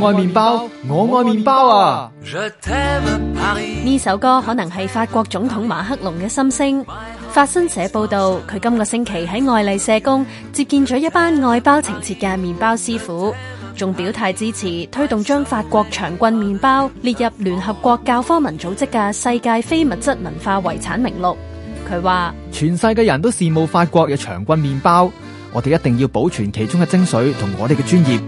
我愛麵包，我愛麵包啊！呢首歌可能係法國總統馬克龍嘅心聲。法新社報道，佢今個星期喺愛麗舍宮接見咗一班愛包情切嘅麵包師傅，仲表態支持推動將法國長棍麵包列入聯合國教科文組織嘅世界非物質文化遺產名錄。佢話：全世界人都羨慕法國嘅長棍麵包，我哋一定要保存其中嘅精髓同我哋嘅專業。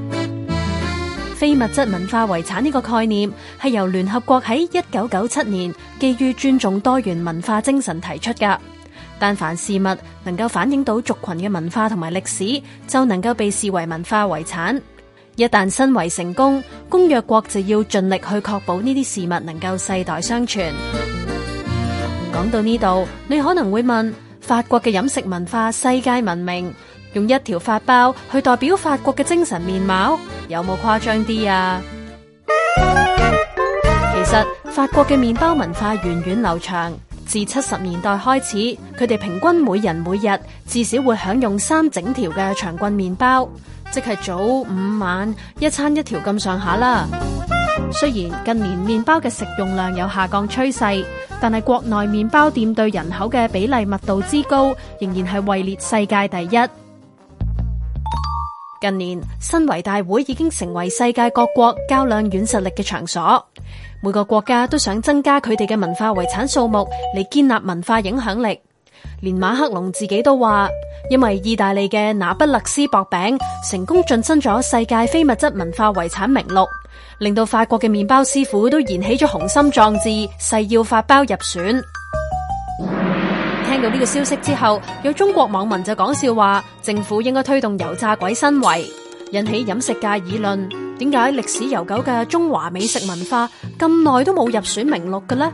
非物質文化遺產呢個概念係由聯合國喺一九九七年基於尊重多元文化精神提出噶。但凡事物能夠反映到族群嘅文化同埋歷史，就能夠被視為文化遺產。一旦申遺成功，公約國就要盡力去確保呢啲事物能夠世代相傳。講到呢度，你可能會問：法國嘅飲食文化世界聞名……」用一條法包去代表法國嘅精神面貌，有冇誇張啲啊？ 其實法國嘅麵包文化源遠流長，自七十年代開始，佢哋平均每人每日至少會享用三整條嘅長棍麵包，即係早、午、晚一餐一條咁上下啦。雖然近年麵包嘅食用量有下降趨勢，但係國內麵包店對人口嘅比例密度之高，仍然係位列世界第一。近年，申遺大會已經成為世界各國較量軟實力嘅場所。每個國家都想增加佢哋嘅文化遺產數目，嚟建立文化影響力。連馬克龍自己都話，因為意大利嘅那不勒斯薄餅成功晉身咗世界非物質文化遺產名錄，令到法國嘅麵包師傅都燃起咗雄心壯志，誓要法包入選。聽到呢個消息之後，有中國網民就講笑話，政府應該推動油炸鬼申遺，引起飲食界議論。點解歷史悠久嘅中華美食文化咁耐都冇入選名錄嘅呢？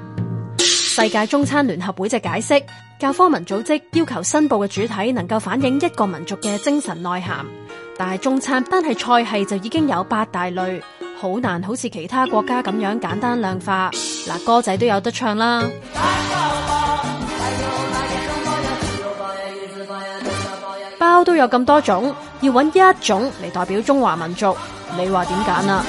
世界中餐聯合會就解釋，教科文組織要求申報嘅主體能夠反映一個民族嘅精神內涵，但係中餐單係菜係就已經有八大類，好難好似其他國家咁樣簡單量化。嗱，歌仔都有得唱啦。包都有咁多種，要揾一種嚟代表中華民族，你話點揀啊？